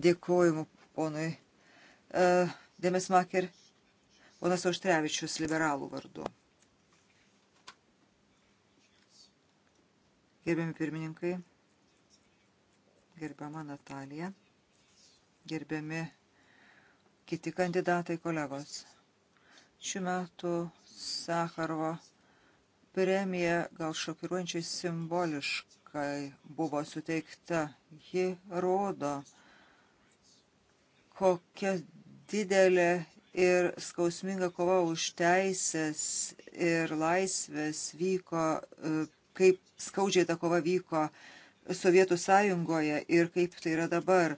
Dėkojimu ponui e, Demesmaker, ponas Auštrevičius liberalų vardu. Gerbiami pirmininkai, gerbiama Natalija, gerbiami kiti kandidatai kolegos. Šiuo metu Sakarovo premija gal šokiruojančiai simboliškai buvo suteikta. Ji rodo, kokia didelė ir skausminga kova už teisės ir laisvės vyko e, kaip skaudžiai ta kova vyko Sovietų sąjungoje ir kaip tai yra dabar.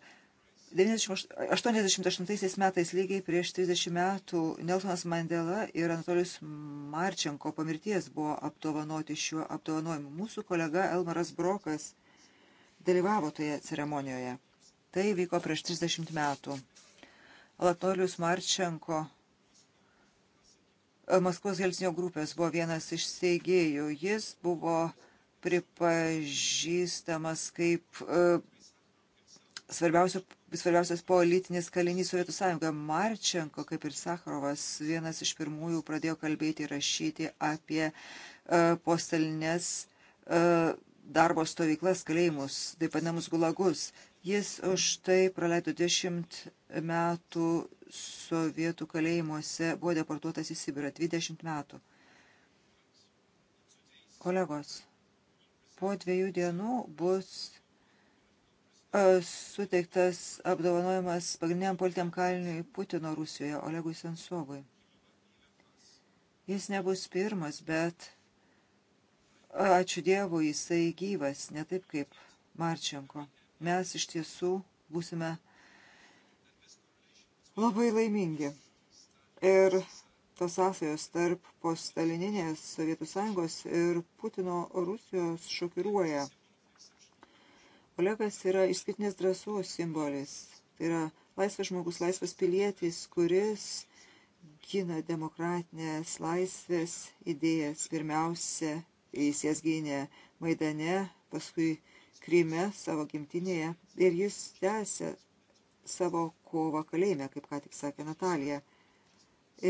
1988 metais lygiai prieš 30 metų Nelsonas Mandela ir Anatolijus Marčenko pamirties buvo apdovanoti šiuo apdovanojimu. Mūsų kolega Elmaras Brokas dalyvavo toje ceremonijoje. Tai vyko prieš 30 metų. Anatolijus Marčenko Maskvos Helsinio grupės buvo vienas iš steigėjų. Jis buvo pripažįstamas kaip e, svarbiausias politinis kalinys Sovietų sąjungoje. Marčenko, kaip ir Sakrovas, vienas iš pirmųjų pradėjo kalbėti ir rašyti apie e, postelinės e, darbo stovyklas, kalėjimus, taip vadinamus gulagus. Jis už tai praleido dešimt metų sovietų kalėjimuose, buvo deportuotas į Sibirą 20 metų. Kolegos, po dviejų dienų bus e, suteiktas apdovanojimas pagrindiniam politiam kaliniui Putino Rusijoje, Olegui Sensovui. Jis nebus pirmas, bet e, ačiū Dievui, jisai gyvas, ne taip kaip Marčenko mes iš tiesų būsime labai laimingi. Ir tos sąsajos tarp postalininės Sovietų Sąjungos ir Putino Rusijos šokiruoja. Olegas yra išskirtinės drąsos simbolis. Tai yra laisvas žmogus, laisvas pilietis, kuris gina demokratinės laisvės idėjas. Pirmiausia, jis jas gynė Maidane, paskui Kryme, savo gimtinėje. Ir jis tęsė savo kovą kalėjime, kaip ką tik sakė Natalija.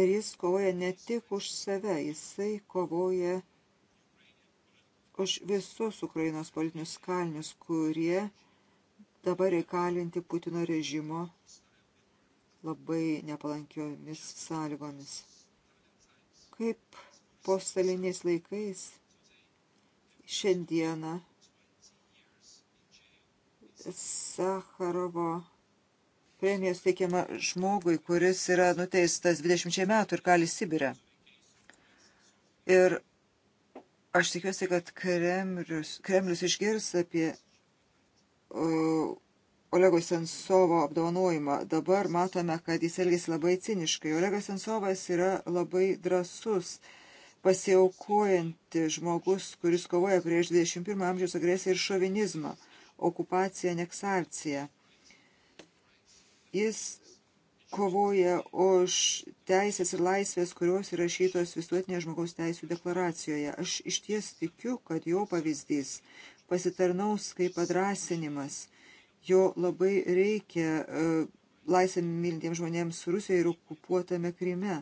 Ir jis kovoja ne tik už save, jisai kovoja už visus Ukrainos politinius kalnius, kurie dabar reikalinti Putino režimo labai nepalankiomis sąlygomis. Kaip postaliniais laikais šiandieną Sakarovo premija steikiama žmogui, kuris yra nuteistas 20 metų ir kali Sibirę. Ir aš tikiuosi, kad Kremlius, Kremlius išgirs apie uh, Olego Sensovo apdovanojimą. Dabar matome, kad jis elgėsi labai ciniškai. Olegas Sensovas yra labai drasus, pasiaukojanti žmogus, kuris kovoja prieš 21 amžiaus agresiją ir šovinizmą. Uh, okupaciją, aneksaciją. Jis kovoja už teisės ir laisvės, kurios įrašytos visuotinėje žmogaus teisų deklaracijoje. Aš iš ties tikiu, kad jo pavyzdys pasitarnaus kaip padrasinimas. Jo labai reikia e, laisvę mylintiems žmonėms Rusijoje ir okupuotame Kryme.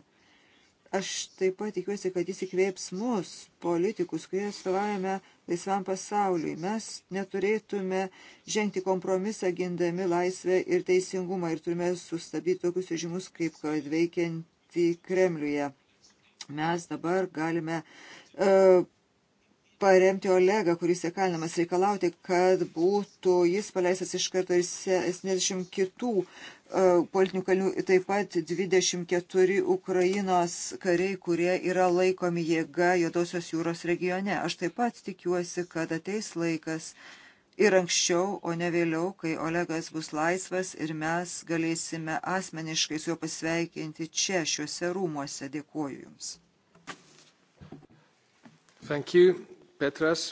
Aš taip pat tikiuosi, kad jis įkvėps mus, politikus, kurie atstovaujame laisvam pasauliui. Mes neturėtume žengti kompromisą gindami laisvę ir teisingumą ir turime sustabdyti tokius režimus, kaip kad veikianti Kremliuje. Mes dabar galime uh, paremti Olegą, kuris įkalinamas reikalauti, kad būtų jis paleistas iš karto ir 70 kitų E, politinių kalių, taip pat 24 Ukrainos kariai, kurie yra laikomi jėga Jodosios jūros regione. Aš taip pat tikiuosi, kad ateis laikas ir anksčiau, o ne vėliau, kai Olegas bus laisvas ir mes galėsime asmeniškai su juo pasveikinti čia, šiuose rūmuose. Dėkuoju Jums. Thank you, Petras.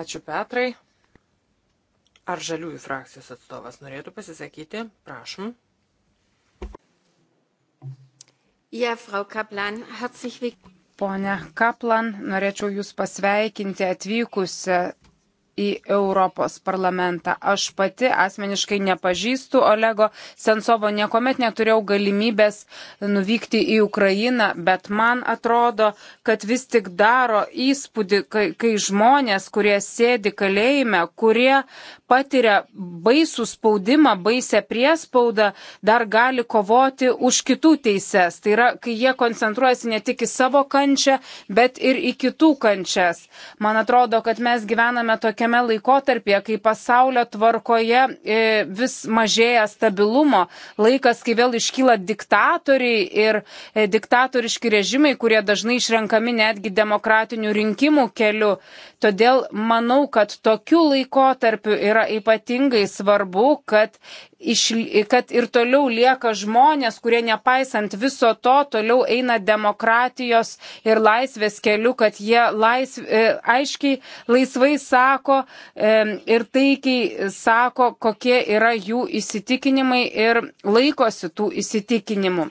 Ačiū Petrai. Ar žaliųjų frakcijos atstovas norėtų pasisakyti? Prašom. Ja, Frau Kaplan, herzlich willkommen. Pone Kaplan, norėčiau Jūs pasveikinti atvykusią į Europos parlamentą. Aš pati asmeniškai nepažįstu Olego Sensovo, niekuomet neturėjau galimybės nuvykti į Ukrainą, bet man atrodo, kad vis tik daro įspūdį, kai, kai žmonės, kurie sėdi kalėjime, kurie patiria baisų spaudimą, baisę priespaudą, dar gali kovoti už kitų teises. Tai yra, kai jie koncentruojasi ne tik į savo kančią, bet ir į kitų kančias. Man atrodo, kad mes gyvename tokia tokiame laikotarpyje, kai pasaulio tvarkoje e, vis mažėja stabilumo, laikas, kai vėl iškyla diktatoriai ir e, diktatoriški režimai, kurie dažnai išrenkami netgi demokratinių rinkimų keliu. Todėl manau, kad tokiu laikotarpiu yra ypatingai svarbu, kad kad ir toliau lieka žmonės, kurie nepaisant viso to toliau eina demokratijos ir laisvės keliu, kad jie laisv, e, aiškiai laisvai sako e, ir taikiai sako, kokie yra jų įsitikinimai ir laikosi tų įsitikinimų.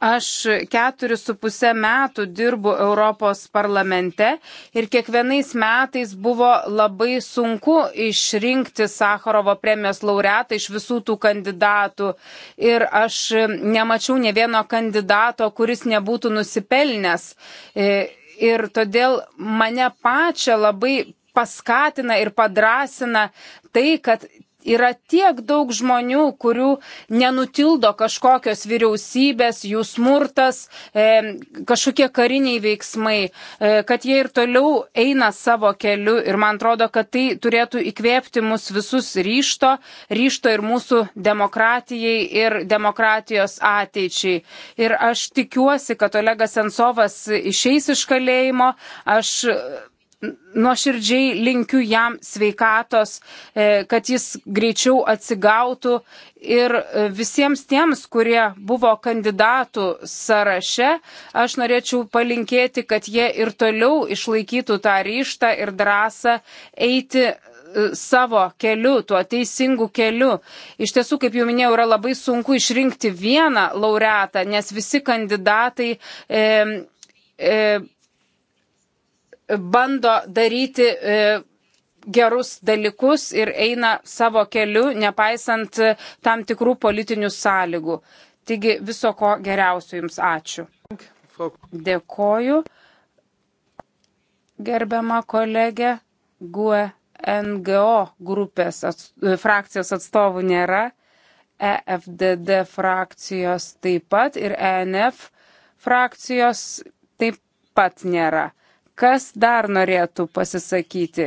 Aš keturis su pusę metų dirbu Europos parlamente ir kiekvienais metais buvo labai sunku išrinkti Sakarovo premijos laureatą iš visų tų kandidatų. Ir aš nemačiau ne vieno kandidato, kuris nebūtų nusipelnęs. E, ir todėl mane pačią labai paskatina ir padrasina tai, kad yra tiek daug žmonių, kurių nenutildo kažkokios vyriausybės, jų smurtas, e, kažkokie kariniai veiksmai, e, kad jie ir toliau eina savo keliu ir man atrodo, kad tai turėtų įkvėpti mus visus ryšto, ryšto ir mūsų demokratijai ir demokratijos ateičiai. Ir aš tikiuosi, kad Olegas Sensovas išeis iš kalėjimo, aš nuoširdžiai linkiu jam sveikatos, e, kad jis greičiau atsigautų ir e, visiems tiems, kurie buvo kandidatų sąraše, aš norėčiau palinkėti, kad jie ir toliau išlaikytų tą ryštą ir drąsą eiti e, savo keliu, tuo teisingu keliu. Iš tiesų, kaip jau minėjau, yra labai sunku išrinkti vieną laureatą, nes visi kandidatai e, e, bando daryti e, gerus dalykus ir eina savo keliu, nepaisant e, tam tikrų politinių sąlygų. Taigi viso ko geriausio Jums ačiū. Dėkoju, gerbiama kolegė GUE NGO grupės ats, e, frakcijos atstovų nėra, EFDD frakcijos taip pat ir ENF frakcijos taip pat nėra. Kas dar norėtų pasisakyti?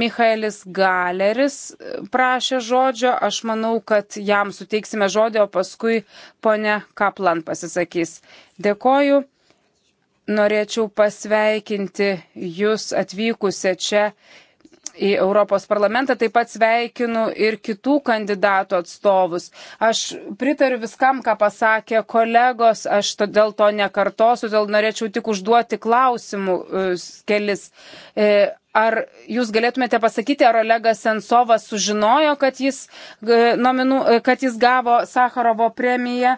Michaelis Galeris e, prašė žodžio, aš manau, kad jam suteiksime žodį, o paskui ponia Kaplan pasisakys. Dėkoju, norėčiau pasveikinti jūs atvykusią čia į Europos parlamentą, taip pat sveikinu ir kitų kandidatų atstovus. Aš pritariu viskam, ką pasakė kolegos, aš dėl to nekartosiu, dėl norėčiau tik užduoti klausimų e, kelis. E, ar jūs galėtumėte pasakyti, ar Olegas Sensovas sužinojo, kad jis, e, nominu, kad jis gavo Sakarovo premiją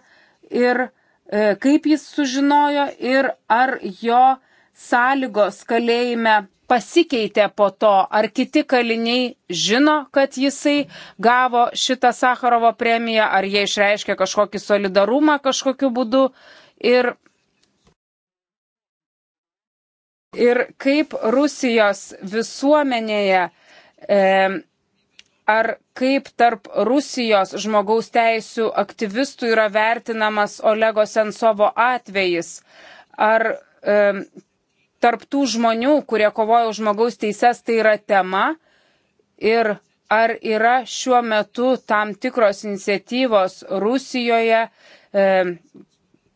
ir kaip jis sužinojo ir ar jo sąlygos kalėjime pasikeitė po to? Ar kiti kaliniai žino, kad jisai gavo šitą Sakarovo premiją, ar jie išreiškė kažkokį solidarumą kažkokiu būdu? Ir, ir kaip Rusijos visuomenėje, e, ar kaip tarp Rusijos žmogaus teisų aktyvistų yra vertinamas Olego Sensovo atvejis? Ar e, tarptų žmonių, kurie kovoja už žmogaus teises, tai yra tema. Ir ar yra šiuo metu tam tikros iniciatyvos Rusijoje, e,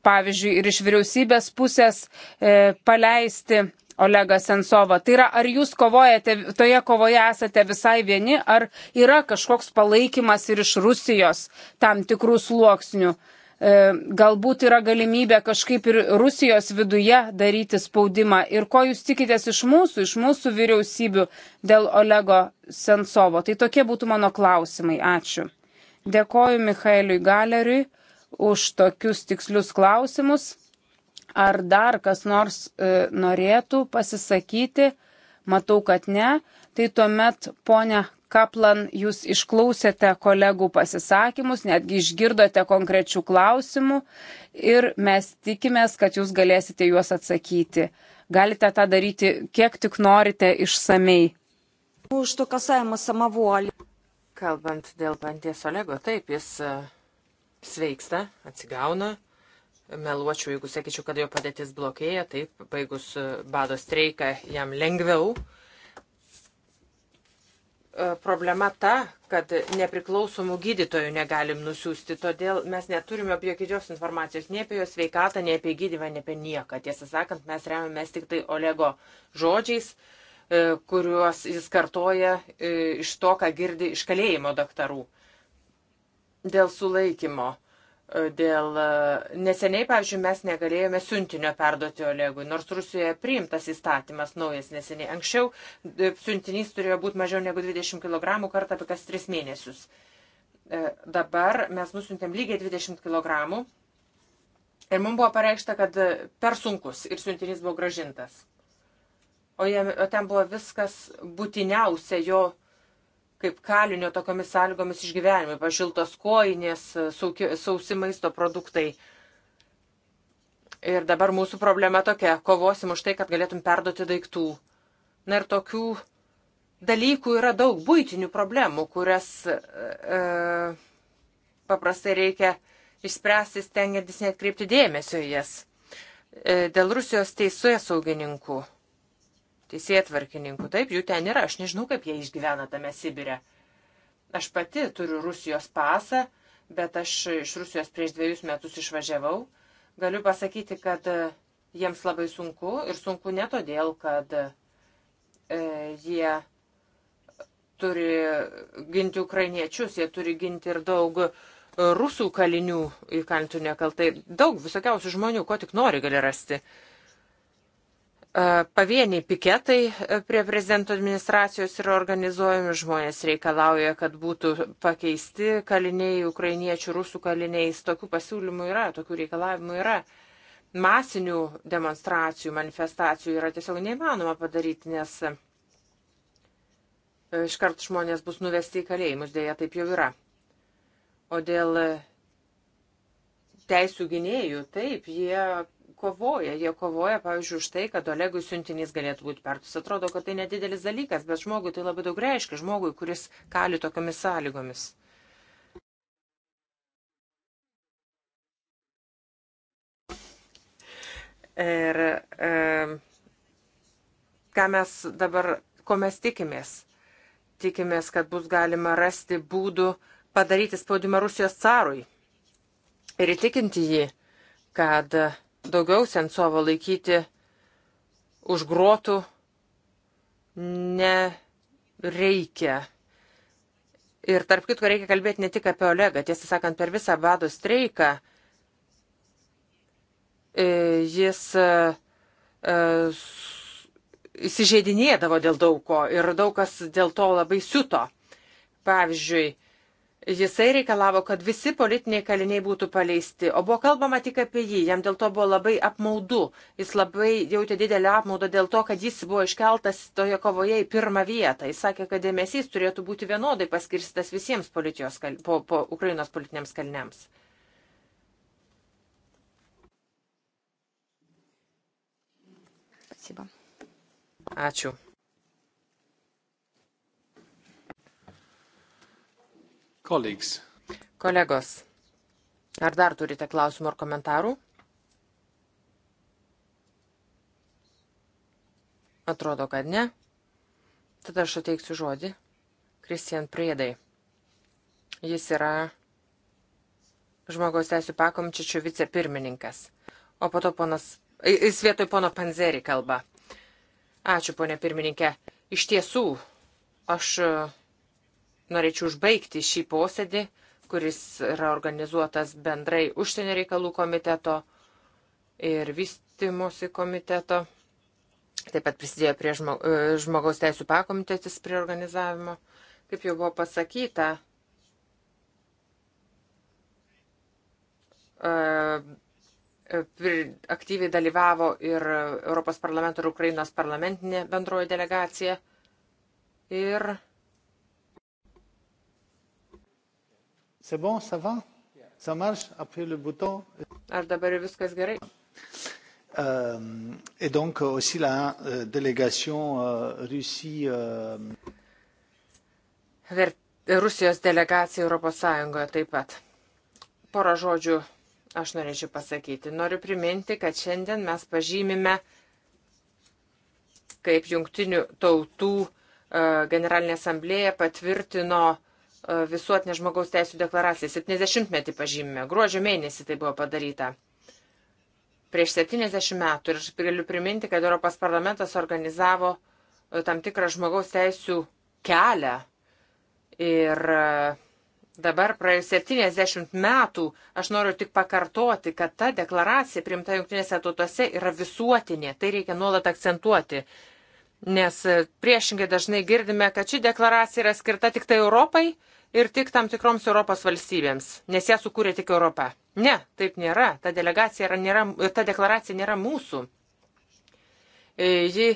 pavyzdžiui, ir iš vyriausybės pusės e, paleisti Olegą Sensovą. Tai yra, ar jūs kovojate, toje kovoje esate visai vieni, ar yra kažkoks palaikymas ir iš Rusijos tam tikrų sluoksnių. E, E, galbūt yra galimybė kažkaip ir Rusijos viduje daryti spaudimą. Ir ko jūs tikitės iš mūsų, iš mūsų vyriausybių dėl Olego Sensovo. Tai tokie būtų mano klausimai. Ačiū. Dėkoju Michaeliui Galeriui už tokius tikslius klausimus. Ar dar kas nors e, norėtų pasisakyti? Matau, kad ne. Tai tuomet, ponia Kaplan, jūs išklausėte kolegų pasisakymus, netgi išgirdote konkrečių klausimų ir mes tikimės, kad jūs galėsite juos atsakyti. Galite tą daryti kiek tik norite išsamei. Kalbant dėl panties Olego, taip, jis e, sveiksta, atsigauna. Meluočiau, jeigu sakyčiau, kad jo padėtis blokėja, taip, baigus e, bado streiką jam lengviau. Uh, E, problema ta, kad nepriklausomų gydytojų negalim nusiųsti, todėl mes neturime jokios informacijos nei apie jos veikatą, nei apie gydymą, nei apie nieką. Tiesą sakant, mes remiamės tik tai Olego žodžiais, e, kuriuos jis kartoja e, iš to, ką girdi iš kalėjimo daktarų. Dėl sulaikymo dėl e, neseniai, pavyzdžiui, mes negalėjome siuntinio perduoti Olegui, nors Rusijoje priimtas įstatymas naujas neseniai. Anksčiau e, siuntinys turėjo būti mažiau negu 20 kg kartą apie kas 3 mėnesius. E, dabar mes nusintėm lygiai 20 kg ir mums buvo pareikšta, kad per sunkus ir siuntinys buvo gražintas. O, jam, o ten buvo viskas būtiniausia jo kaip kalinio tokiamis sąlygomis išgyvenimai, pašiltos kojinės, sausi maisto produktai. Ir dabar mūsų problema tokia - kovosim už tai, kad galėtum perduoti daiktų. Na ir tokių dalykų yra daug būtinių problemų, kurias e, e, paprastai reikia išspręsti, stengiantis netkreipti dėmesio į jas. E, dėl Rusijos teisuje saugininkų teisėtvarkininkų. Taip, jų ten yra. Aš nežinau, kaip jie išgyvena tame Sibire. Aš pati turiu Rusijos pasą, bet aš iš Rusijos prieš dviejus metus išvažiavau. Galiu pasakyti, kad e, jiems labai sunku ir sunku ne todėl, kad e, jie turi ginti ukrainiečius, jie turi ginti ir daug e, rusų kalinių įkalintų nekaltai. Daug visokiausių žmonių, ko tik nori gali rasti. E, E, pavieniai piketai e, prie prezidento administracijos yra organizuojami, žmonės reikalauja, kad būtų pakeisti kaliniai, ukrainiečių, rusų kaliniais. Tokių pasiūlymų yra, tokių reikalavimų yra. Masinių demonstracijų, manifestacijų yra tiesiog neįmanoma padaryti, nes e, iškart žmonės bus nuvesti į kalėjimus, dėja taip jau yra. O dėl teisų gynėjų, taip, jie kovoja. Jie kovoja, pavyzdžiui, už tai, kad Olegui siuntinys galėtų būti pertus. Atrodo, kad tai nedidelis dalykas, bet žmogui tai labai daug reiškia, žmogui, kuris kali tokiamis sąlygomis. Ir e, ką mes dabar, ko mes tikimės? Tikimės, kad bus galima rasti būdų padaryti spaudimą Rusijos carui ir įtikinti jį, kad daugiau Sensovo laikyti užgrotų nereikia. Ir tarp kitko reikia kalbėti ne tik apie Olegą. Tiesą sakant, per visą bado streiką e, jis e, e, įsižeidinėdavo dėl daug ko ir daug kas dėl to labai siuto. Pavyzdžiui, Jisai reikalavo, kad visi politiniai kaliniai būtų paleisti, o buvo kalbama tik apie jį, jam dėl to buvo labai apmaudu, jis labai jautė didelį apmaudą dėl to, kad jis buvo iškeltas toje kovoje į pirmą vietą. Jis sakė, kad dėmesys turėtų būti vienodai paskirstas visiems politijos, po, po Ukrainos politiniams kaliniams. Ačiū. colleagues. Kolegos, ar dar turite klausimų ar komentarų? Atrodo, kad ne. Tada aš ateiksiu žodį. Kristijan Priedai. Jis yra žmogaus teisų pakomčičių vicepirmininkas. O po to ponas, jis vietoj pono Panzerį kalba. Ačiū, ponė pirmininkė. Iš tiesų, aš Norėčiau užbaigti šį posėdį, kuris yra organizuotas bendrai užsienio reikalų komiteto ir vystimosi komiteto. Taip pat prisidėjo prie e, žmogaus teisų pakomitetis prie organizavimo. Kaip jau buvo pasakyta, e, e, aktyviai dalyvavo ir Europos parlamento ir Ukrainos parlamentinė bendroji delegacija. Ir C'est bon, ça va? Ça marche? Appuie le bouton. Ar dabar viskas gerai? Euh, et donc euh, aussi la euh, délégation euh, Russie. Euh... Ver Rusijos delegacija Europos Sąjungoje taip pat. Porą žodžių aš norėčiau pasakyti. Noriu priminti, kad šiandien mes pažymime kaip jungtinių tautų uh, generalinė asamblėja patvirtino uh, E, visuotinę žmogaus teisų deklaraciją. 70-metį pažymime. Gruodžio mėnesį tai buvo padaryta. Prieš 70 metų. Ir aš galiu priminti, kad Europos parlamentas organizavo e, tam tikrą žmogaus teisų kelią. Ir e, dabar praėjus 70 metų aš noriu tik pakartoti, kad ta deklaracija primta jungtinėse tautose yra visuotinė. Tai reikia nuolat akcentuoti. Nes e, priešingai dažnai girdime, kad ši deklaracija yra skirta tik tai Europai ir tik tam tikroms Europos valstybėms, nes ją sukūrė tik Europa. Ne, taip nėra. Ta, yra, nėra, ta deklaracija nėra mūsų. E, ji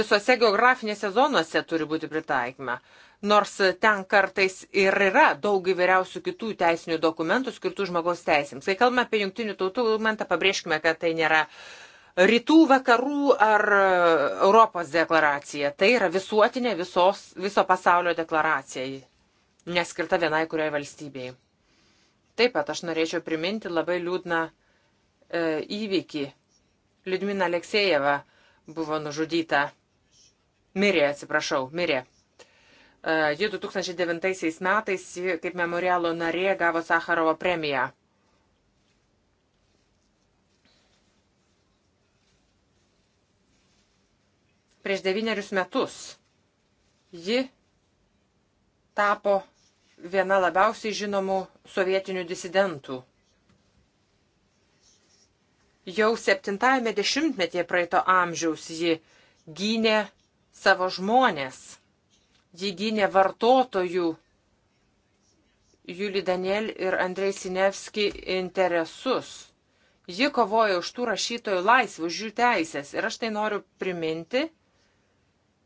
visose geografinėse zonuose turi būti pritaikymą. Nors ten kartais ir yra daug įvairiausių kitų teisinių dokumentų skirtų žmogaus teisėms. Kai kalbame apie jungtinių tautų dokumentą, pabrėžkime, kad tai nėra uh, Rytų vakarų ar e, Europos deklaracija. Tai yra visuotinė visos, viso pasaulio deklaracija, neskirta vienai kuriai valstybei. Taip pat aš norėčiau priminti labai liūdną e, įvykį. Liudmina Aleksejeva buvo nužudyta. Mirė, atsiprašau, mirė. E, ji 2009 metais kaip memorialo narė gavo Sakarovo premiją. prieš devynerius metus. Ji tapo viena labiausiai žinomų sovietinių disidentų. Jau septintajame dešimtmetyje praeito amžiaus ji gynė savo žmonės, ji gynė vartotojų Juli Daniel ir Andrei Sinevski interesus. Ji kovojo už tų rašytojų laisvų, už jų teisės. Ir aš tai noriu priminti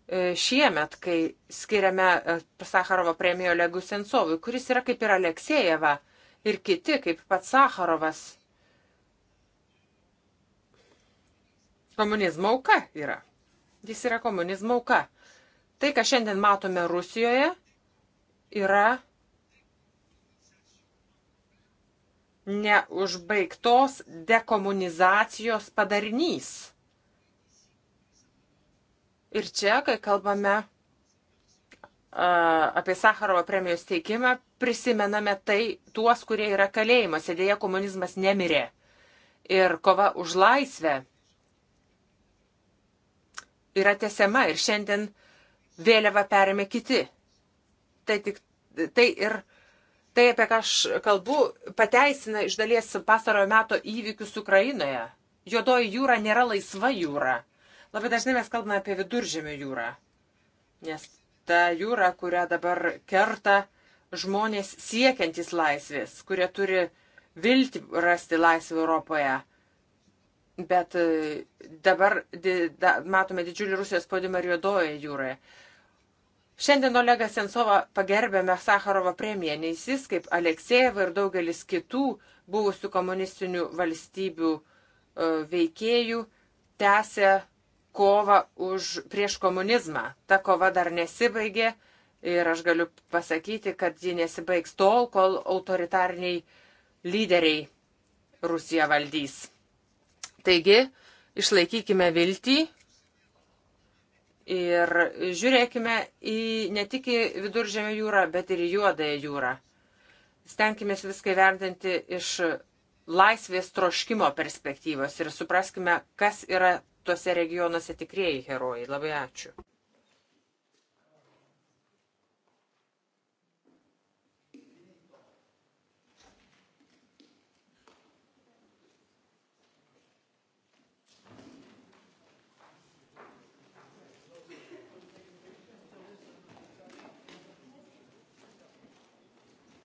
E, šiemet, kai skiriame e, Sakarovo premiją Olegu Sensovui, kuris yra kaip ir Aleksejeva ir kiti, kaip pats Sakarovas. Komunizmo auka yra. Jis yra komunizmo auka. Tai, ką šiandien matome Rusijoje, yra neužbaigtos dekomunizacijos padarinys. Ir čia, kai kalbame apie Sakarovo premijos teikimą, prisimename tai tuos, kurie yra kalėjimuose. Dėja, komunizmas nemirė. Ir kova už laisvę yra tesiama ir šiandien vėliava perėmė kiti. Tai, tik, tai ir tai, apie ką aš kalbu, pateisina iš dalies pastarojo meto įvykius Ukrainoje. Juodoji jūra nėra laisva jūra. Labai dažnai mes kalbame apie viduržėmio jūrą, nes ta jūra, kurią dabar kerta žmonės siekiantys laisvės, kurie turi vilti rasti laisvę Europoje. Bet e, dabar di, da, matome didžiulį Rusijos spaudimą ir juodoje jūroje. Šiandien Olegą Sensovą pagerbėme Sakarovo premiją, nes jis, kaip Aleksejeva ir daugelis kitų buvusių komunistinių valstybių e, veikėjų, tęsė kovą už, prieš komunizmą. Ta kova dar nesibaigė ir aš galiu pasakyti, kad ji nesibaigs tol, kol autoritariniai lyderiai Rusiją valdys. Taigi, išlaikykime viltį ir žiūrėkime į ne tik į viduržėmio jūrą, bet ir į juodąją jūrą. Stenkime viską įvertinti iš laisvės troškimo perspektyvos ir supraskime, kas yra tuose regionuose tikrieji herojai. Labai ačiū.